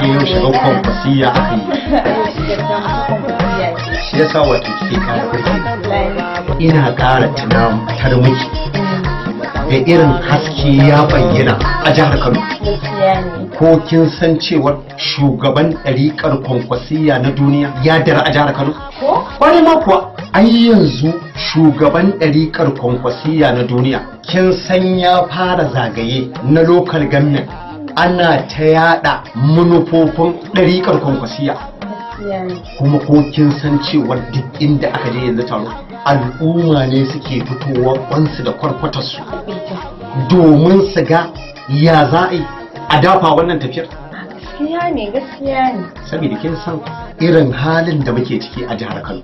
sai yau shiga kwan wasiya aka yi shi yasa wato kike kara kuke ina kara tunatar miki da irin haske ya bayyana a jihar kano ko kin san cewar shugaban ɗariƙar kwankwasiya na duniya ya dara a jihar kano wani ma kuwa an yanzu shugaban ɗariƙar kwankwasiya na duniya kin san ya fara zagaye na lokal gannan ana ta yada manufofin ɗariƙar kwankwasiya kuma ko kin san cewa duk inda aka je yanzu taro al'umma ne suke fitowa kwansu da kwarkwatarsu domin su ga ya za a yi a dafa wannan tafiyar gaskiya ne gaskiya ne saboda kin san irin halin da muke ciki a jihar Kano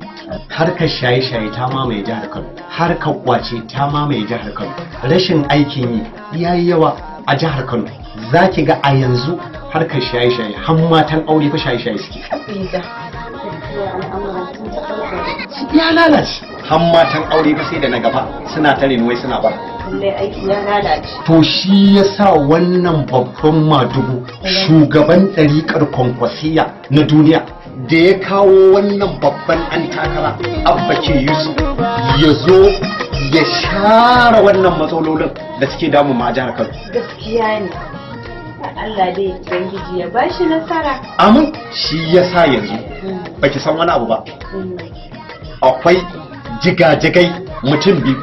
Har ka shaye-shaye ta mamaye jihar Kano Har ka kwace ta mamaye jihar Kano rashin aikin yi yayi yawa a jihar Kano za ki ga a yanzu harkar shaye-shaye har matan aure fa shaye-shaye suke ya lalace har matan aure fa sai da na gaba suna tare wai suna ba to shi ya sa wannan babban madugu shugaban ɗariƙar kwankwasiya na duniya da ya kawo wannan babban an takara abba ke yusuf ya zo ya share wannan matsalolin da suke damu ma jihar kano gaskiya ne Allah dai ubangiji ya shi nasara amin shi sa yanzu hmm. baki san wani abu ba hmm. akwai jigajigai mutum biyu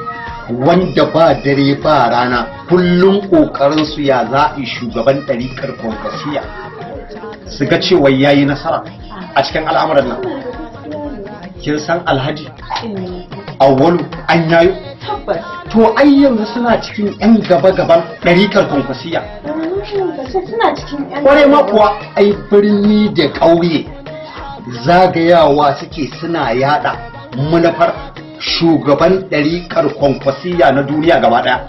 wanda ba dare ba rana kullum ƙoƙarinsu su ya za a shugaban ɗarikar kwankwasiya su ga cewa ya yi nasara a cikin al'amuran nan kin san alhaji hmm. awwalu an yayo to ai yanzu suna cikin 'yan gaba-gaban ɗarikar kwankwasiya kwarai ma kuwa ai birni da ƙauye zagayawa suke suna yada manufar shugaban ɗariƙar kwankwasiya na duniya gaba ɗaya.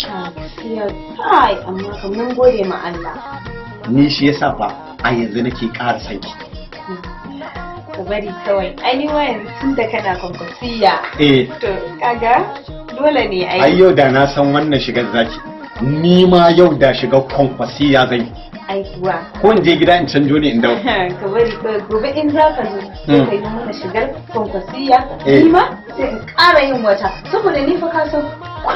amma gode ma Allah. Ni shi yasa ba a yanzu nake ƙara sanki. Ka bari kawai, ai yanzu tun da kana kwankwasiya. Eh. To, kaga dole ne a yi. Ayyo da na san wannan shigar zaki. ni ma yau da shiga kwankwasi ya zai aikuwa ko in je gida in canjo ne in dawo ka bari gobe in za ka zo sai hmm. ka yi mana shigar kwankwasiya eh. ni ma sai in ƙara yin wata saboda ni fa ka san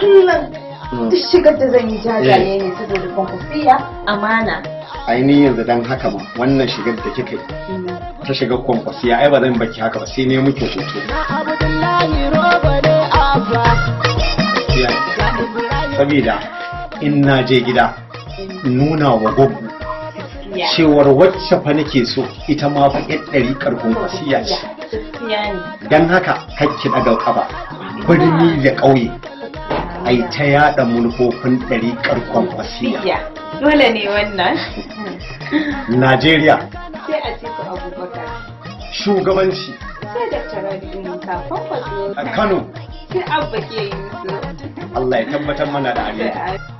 kullum hmm. duk shigar da zan yi jajaye eh. ne saboda kwankwasiya amana ainihin yanzu dan haka ma wannan shigar da kika yi hmm. ta shigar kwankwasiya ai ba zan baki haka ba sai ne muke hoto sabida in na je gida nuna wa gugu cewar wacce fa nake so ita ma fa yan ɗari ƙarfin wasiya ce don haka hakki daga kaba birni da ƙauye a yi ta yaɗa manufofin ɗari ƙarfin wasiya dole ne wannan najeriya sai a ce shugabanci sai da a kano sai yi Allah ya tabbatar mana da amin.